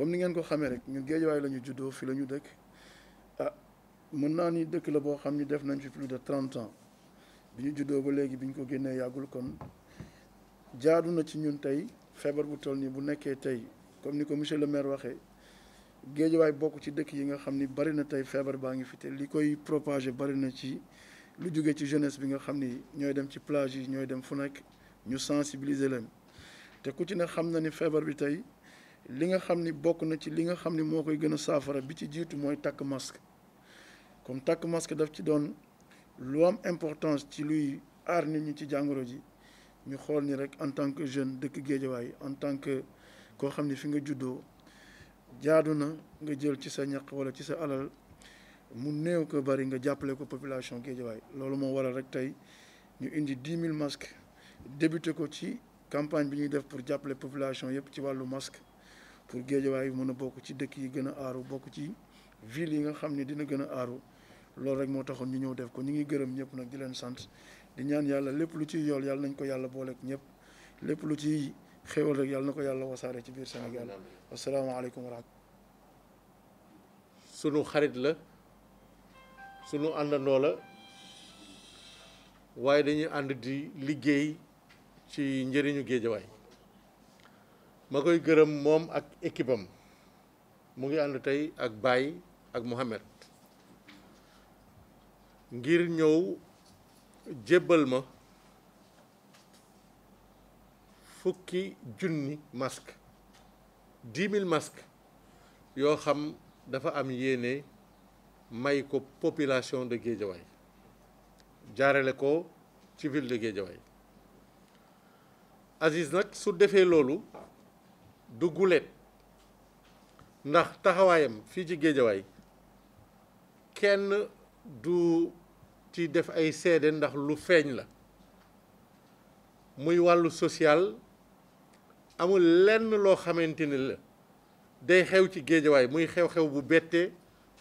comme ni ngeen ko xamé rek ñun géejawaay la ñu juddoo fi lañu dëkk ah mën na ni dëkk la bo xamni def nañ ci plus de 30 ans biñu ñu ba légui biñ ko génnee yagul kon jaadu na ci ñun tay fièvre bu toll ni bu nekké tay comme ni ko monsieur le maire waxee géejawaay bokku ci dëkk yi nga xamni bari na tay fièvre baa ngi fi té likoy propager bari na ci lu joggé ci jeunesse bi nga xamni ñoy dem ci plage yi ñoy dem fu nekk ñu sensibiliser leen té ku ci ne xam na ni fièvre bi tay Linga nga xam ni bokk na ci li nga xam ni moo koy gën a saafara bi ci jiitu mooy takk masque comme takk masque daf ci doon am importance ci luy aar nit ñi ci jàngoro ji ñu xool ni rek en tant que jeune dëkk géejawaay en tant que koo xam ni fi nga juddoo jaadu na nga jël ci sa ñaq wala ci sa alal mu néew ko bari nga jàppale ko population géejawaay loolu moo waral rek tey ñu indi dix mille masques débuté ko ci campagne bi ñuy def pour jàppale population yëpp ci wàllu masque pour géejawaay mën a bokk ci dëkk yi gën a aaru bokk ci ville yi nga xam ne dina gën a aaru loolu rek moo taxoon ñu ñëw def ko ñu ngi gërëm ñëpp nag di leen sant di ñaan yàlla lépp lu ciy yool yàlla nañ ko yàlla booleeg ñëpp lépp lu ciy xéwal rek yàlla na ko yàlla wasaare ci biir Sénégal asalaamaaleykum wa rahmatulah. sunu xarit la sunu àndandoo la waaye dañuy ànd di liggéey ci njëriñu géejawaay. ma koy gërëm moom ak équipe mu ngi ànd tey ak Baye ak Mohamed ngir ñëw jébbal ma fukki junni masque dix mille masques yoo xam dafa am yéene may ko population de Guédiawaye jaarale ko ci ville de Guédiawaye Aziz nag su defee loolu du guléet ndax taxawaayam fii ci géejawaay kenn du ci def ay seede ndax lu feeñ la muy wàllu social amul lenn loo xamante ni la day xew ci géejawaay muy xew-xew bu bette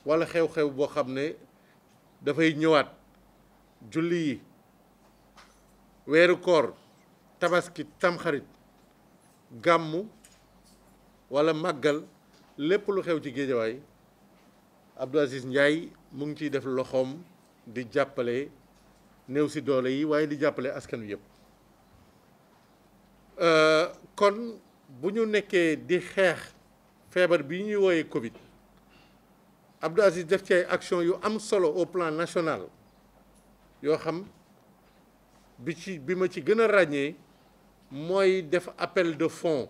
walla xew-xew boo xam ne dafay ñëwaat julli yi weeru koor tabaski tamxarit gàmmu wala magal les lu xew ci géejawaay Abdou Aziz Ndiaye mu ngi de def loxom di si doole yi waaye di askan euh, kon Covid Abdou Aziz def action yu am solo au plan national yo xam bi ci ci appel de fonds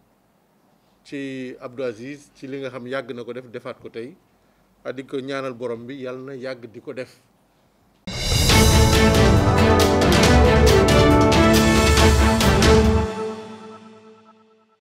ci Abdou Aziz ci li nga xam yàgg na ko def defaat ko tey di ko ñaanal borom bi yàlla na yàgg di ko def